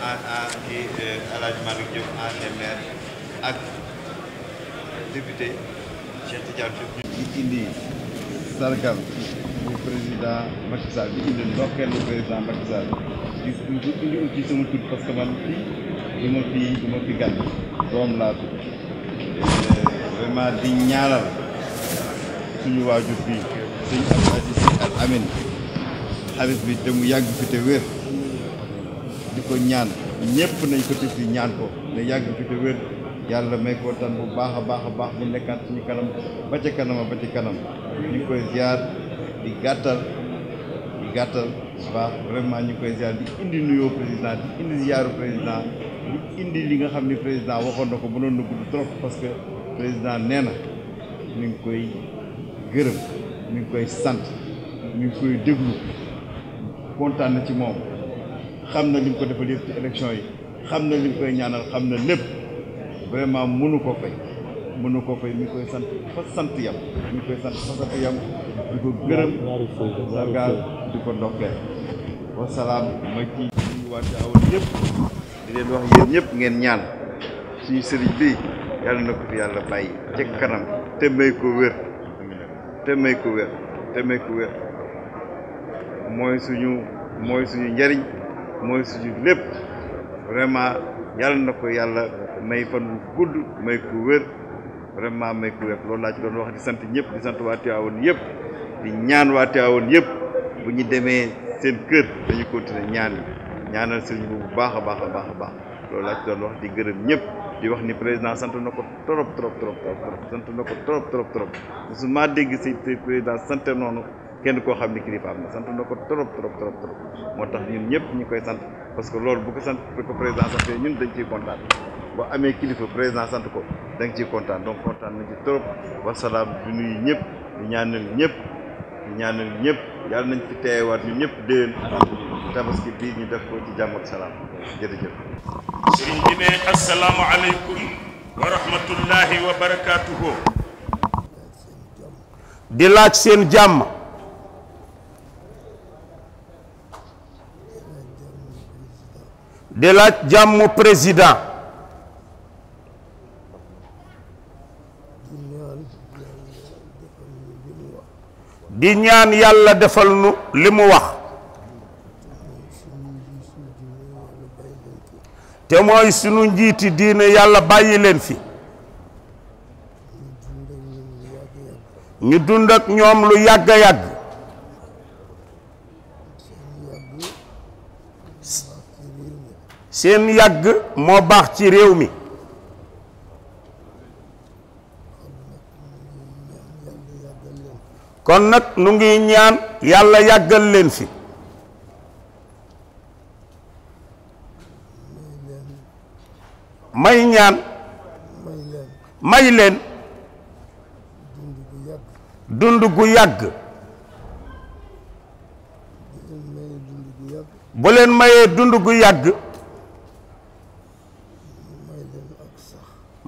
en kii El Hadj Malick Diop ancien maire ak député Cheikh Tidiane Diop. di indi sargal bu président Macky Sall di indi ndokkeelu président Macky Sall di di sama tur parce que man fii fi du fi gan doom laa tudd di ñaanal suñu waajur fii suñu Abdou Aziz Al Amine xarit bi te mu yàgg fi te wér. ko ñaan ñëpp nañ ko tëdd ñaan ko ne yàgg fi te wér yàlla may ko tan bu baax a baax a baax mu nekkaat suñu kanam ba ca kanama ba ci kanam ñu ngi koy ziar di gàttal di gàttal baax vraiment ñu koy ziar di indi nuyoo président di indi ziaru président di indi li nga xam ne président waxoon na ko mënoon na gudd trop parce que président nee na mi ngi koy gërëm mi ngi koy sant mi ngi koy déglu kontaan na ci moom xam na li mu ko defal yëpp ci élection yi xam na li mu koy ñaanal xam na lépp vraiment mënu ko fay mënu ko fay mi koy sant fa sant yam mi koy sant fa sant yam di ko gërëm sargaal di ko ndokkeel wasalaam ma ci ñu waate awoon ñëpp wax yéen ñëpp ngeen ñaan ci sëriñ bi yàlla na ko fi yàlla bàyyi ci kanam te may ko te may ko wér te may ko wér mooy suñu mooy suñu njariñ mooy suñu lépp vraiment yàlla na ko yàlla may fan wu gudd may ku wér vraiment may ku wér loolu laa ci doon wax di sant ñëpp di sant waa Tivaouane yëpp di ñaan waa Tivaouane yëpp bu ñu demee seen kër dañu continuer ñaan yi ñaanal sëriñ bu baax a baax a baax a baax loolu laa ci doon wax di gërëm ñëpp di wax ni président sant na ko trop trop trop trop sant trop trop dégg si président sant noonu kenn ko xamni kilifa am na sant na ko torop torop torop trop moo ñun ñepp ñu koy sant parce que lool bu ko sant bu ko président sant ñun dañ ci contane bo amé kilifa président sant ko dañ ci contane donc contane na ci wa salam du nuyu ñepp di ñaanal ñepp di ñaanal ñepp yalla nañ téy teewaat ñu ñepp deen tabaski bi ñu def ko ci jamm ak salaam jërëjëf serigne bi assalamu alaykum wa rahmatullahi wa barakatuh di laaj seen jamm di laaj jàmm président di ñaan yàlla defal nu li mu wax te mooy sunu njiiti diine yàlla bàyyi leen fi ñu dund ak ñoom lu yàgg a yàgg seen yàgg moo baax ci réew mi kon nag nu ngi ñaan yàlla yàggal leen fi may ñaan may leen dund gu yàgg bu leen mayee dund gu yàgg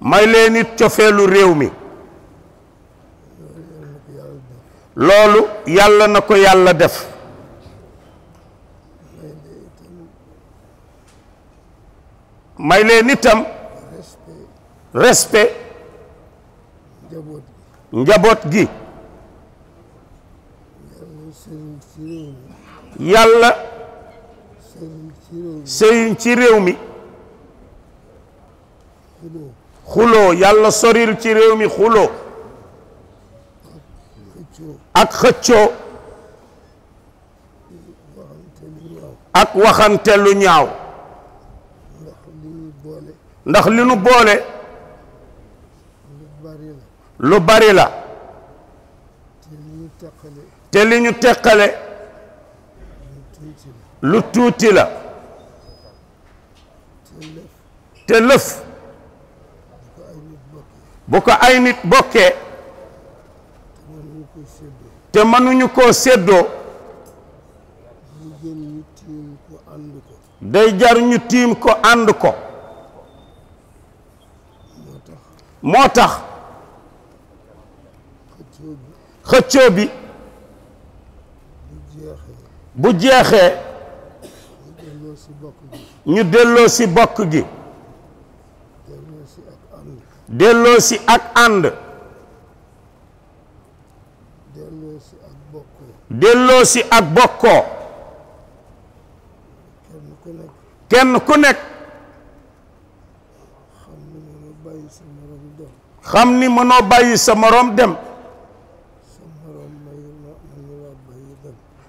may leen it cofeelu réew mi loolu yàlla na ko yàlla def may leen itam respect njaboot gi yàlla sëyuñ ci réew mi xuloo yàlla soril ci réew mi xuloo ak xëccoo ak waxante lu ñaaw ndax li nu boole lu bari la te li ñu teqale lu tuuti la te lëf bu ko ay nit bokkee te mënuñu koo séddoo day jar ñu tiim ko ànd ko moo tax xëccoo bi bu jeexee ñu delloo si bokk gi delloo si ak ànd delloo si ak bokkoo kenn ku nekk xam ni mënoo bàyyi sa morom dem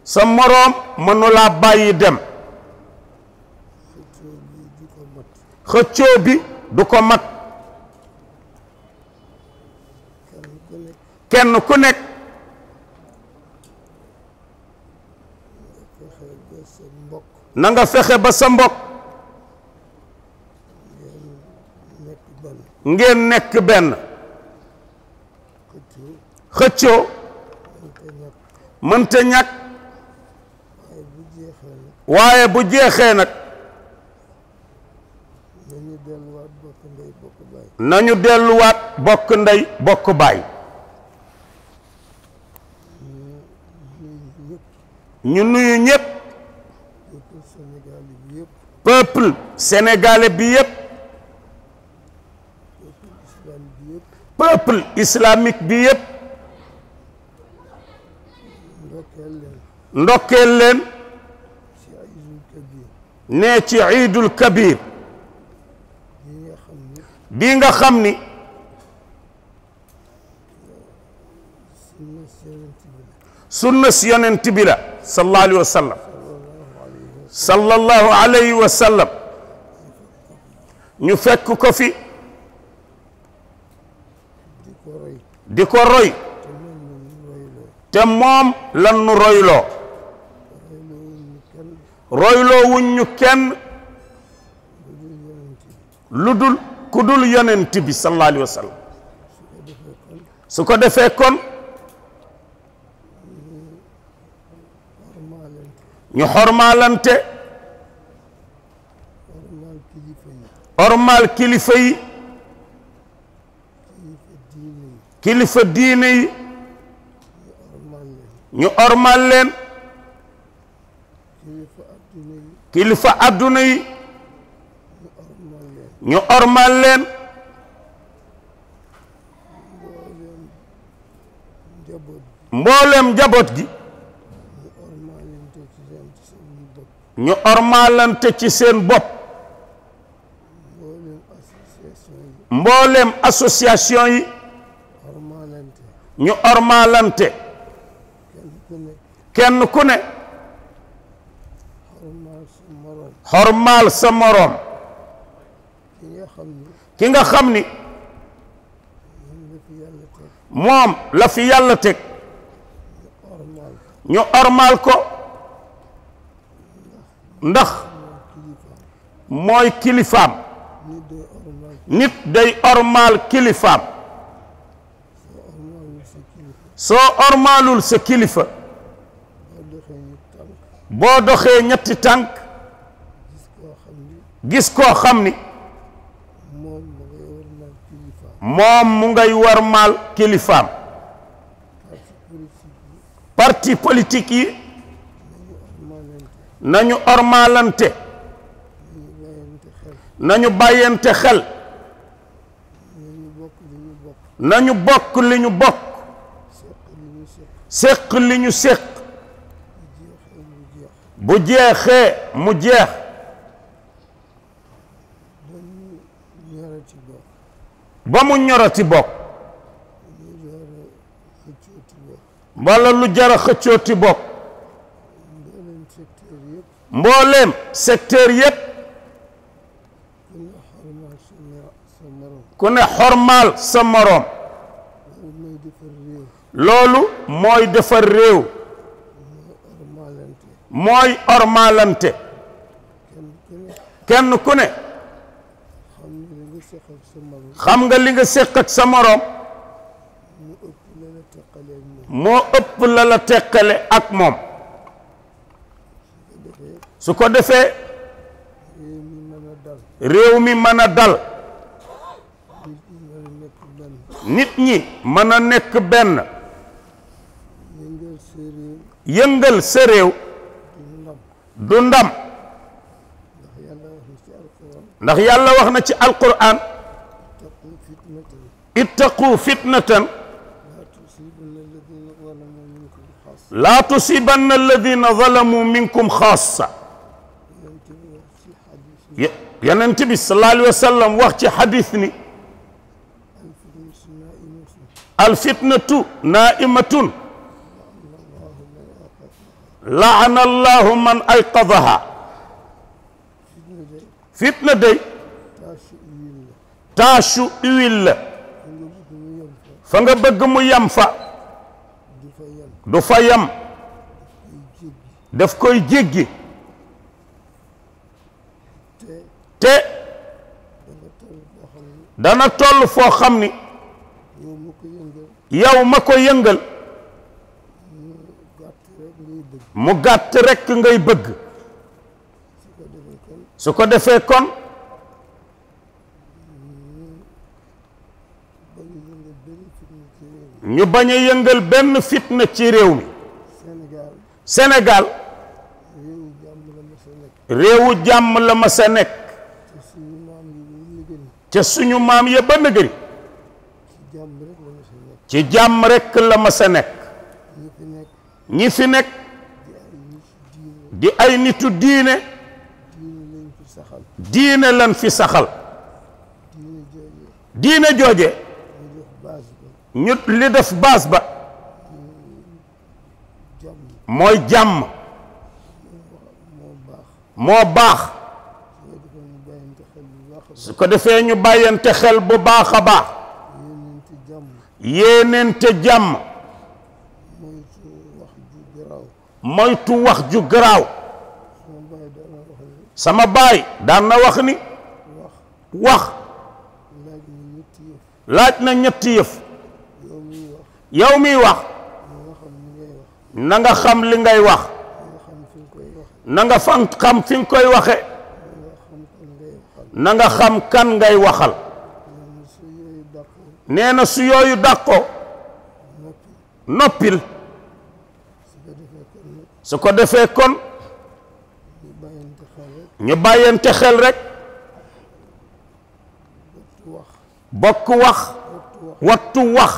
sa moroom mënulaa bàyyi dem xëccoo bi du ko mat kenn ku nekk na nga fexe ba sa mbokk ngeen nekk benn xëccoo mënta ñàkk waaye bu jeexee nag nañu delluwaat bokk ndey bokk baay ñu nuyu ñëpp peuple sénégalais bi yëpp peuple islamique bi yëpp ndokkeel leen nee ci iidul kabir bi nga xam ni sunna si yonent صلى الله عليه وسلم صلى الله عليه وسلم ñu fekk ko fi di ko roy te moom lan nu royloo royloo wuñ ñu kenn lu dul ku dul yonent bi sallallahu alayhi wa sallam su ko defee kon ñu xormaalante ormal kilifa yi kilifa diine yi ñu ormal kilifa adduna yi ñu ormal leen mboolem njaboot gi ñu ormaalante ci seen bopp mbooleem association yi ñu ormaalante kenn ku ne xormaal sa moroom ki nga xam ni moom la fi yàlla teg ñu ormaal ko ndax mooy kilifaam nit day ormaal kilifaam soo ormaalul sa kilifa boo doxee ñetti tànk gis koo xam ni moom mu ngay warmaal kilifaam parti politique yi nañu ormaalante nañu bàyyante xel ñu bokk li ñu bokk séq li ñu séq bu jeexee mu jeex ba mu ñorati bokk walla lu jar xëccooti bokk mbooleem secteur yépp ku ne xormaal sa moroom loolu mooy defar réew mooy ormalante kenn ku ne xam nga li nga séq sa moroom moo ëpp la la teqale ak moom su ko defé rew mi mana dal nit ñi mana nek ben yëngal sa rew du ndam ndax yàlla wax na ci alquran ittaqu fitnatan لا تصيبن الذين ظلموا منكم خاصه يا ينتبه صلى الله عليه وسلم وقت حديثني الفتنة نائمة لعن الله من أيقظها فتنة دي تاشو إويل فنغبق ميامفا دفا يم دفكو يجيجي te dana toll fo xamni yow mako ko mu gatt rek ngay bëgg su ko defee kon ñu baña yëngal fitna ci réew mi Sénégal réewu jamm la ma sa ca suñu maam ya ba nëgëri ci jàmm rekk la ma sa nekk ñi fi nekk di ay nitu diine diine lan fi saxal diine jooje ñu li def baas ba mooy jàmm moo baax su ko defee ñu bàyyante xel bu baax a baax yéeneente jàmm moytu wax ju garaaw sama baay daan na wax ni wax laaj na ñetti yëf yow miy wax na xam li ngay wax na nga xam fi nga koy waxe na nga xam kan ngay waxal neena su yooyu dàqo noppil su ko defee kon ñu bàyyante xel rek bokk wax wattu wax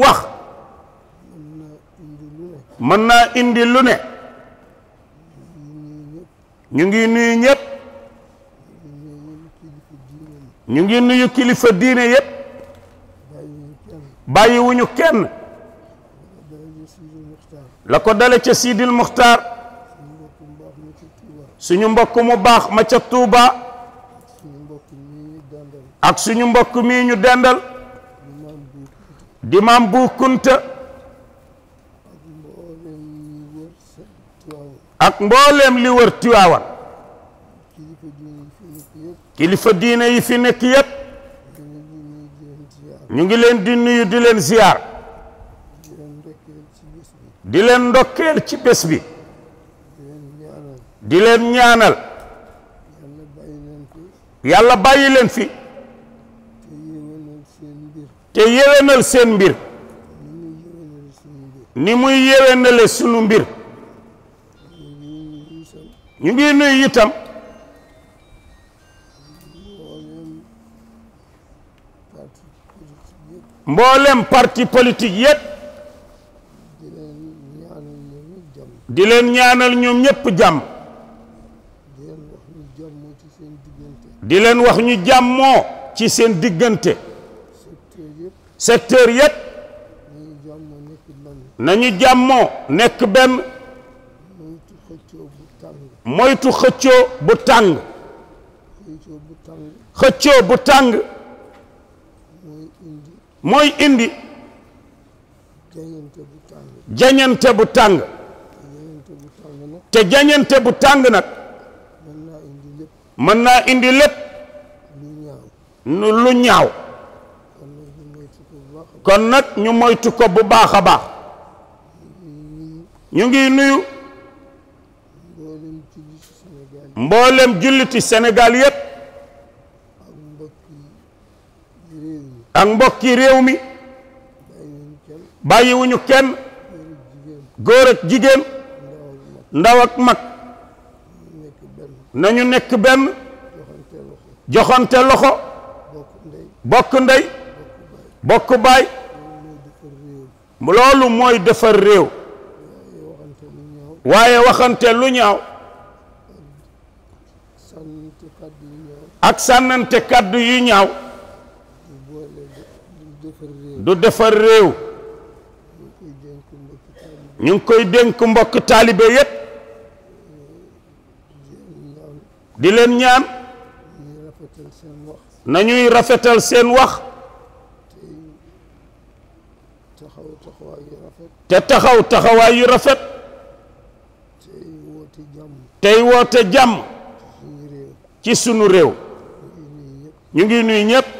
wax mën naa indi lu ne ñu ngi nuyu ñëpp ñu ngi nuyu kilifa diine yépp bàyyiwuñu kenn la ko dale ca Sidil Muxtaar suñu mbokk mu baax ma ca Tuuba ak suñu mbokk mii ñu dendal di maam bu Kunta ak mbooleem li wër Tiwaawan kilifa diine yi fi nekk yépp ñu ngi leen di nuyu di leen ziyaar di leen ndokkeel ci bés bi di leen ñaanal yàlla bàyyi leen fi te yéwénal seen mbir ni muy yéwénale sunu mbir ñu ngi nuyu itam mboolem parti politique yépp di leen ñaanal ñoom ñépp jàmm di leen wax ñu jàmmoo ci seen diggante secteur yépp nañu jàmmoo nekk benn moytu xëccoo bu tàng xëccoo bu tàng mooy indi jañante bu tàng te jañante bu tàng nag mën naa indi lépp lu ñaaw kon nag ñu moytu ko bu baax a baax ñu ngi nuyu mboolem julliti Sénégal yépp ak mbokki réew mi bàyyiwuñu kenn góor ak jigéen ndaw ak mag nañu nekk benn joxante loxo bokk ndey bokk baay loolu mooy defar réew waaye waxante lu ñaaw ak sànnante kàddu yu ñaaw du defar réew ñu ngi koy dénk mbokk taalibe yépp di leen ñaan nañuy rafetal seen wax te taxaw taxawaay yu rafet tey woote jàmm ci sunu réew ñu ngi nuyu ñépp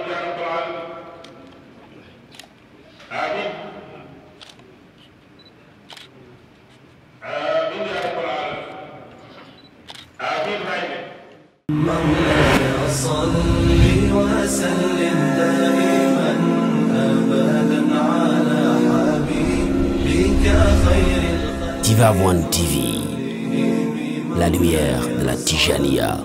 TV, la lumière de la Tijania.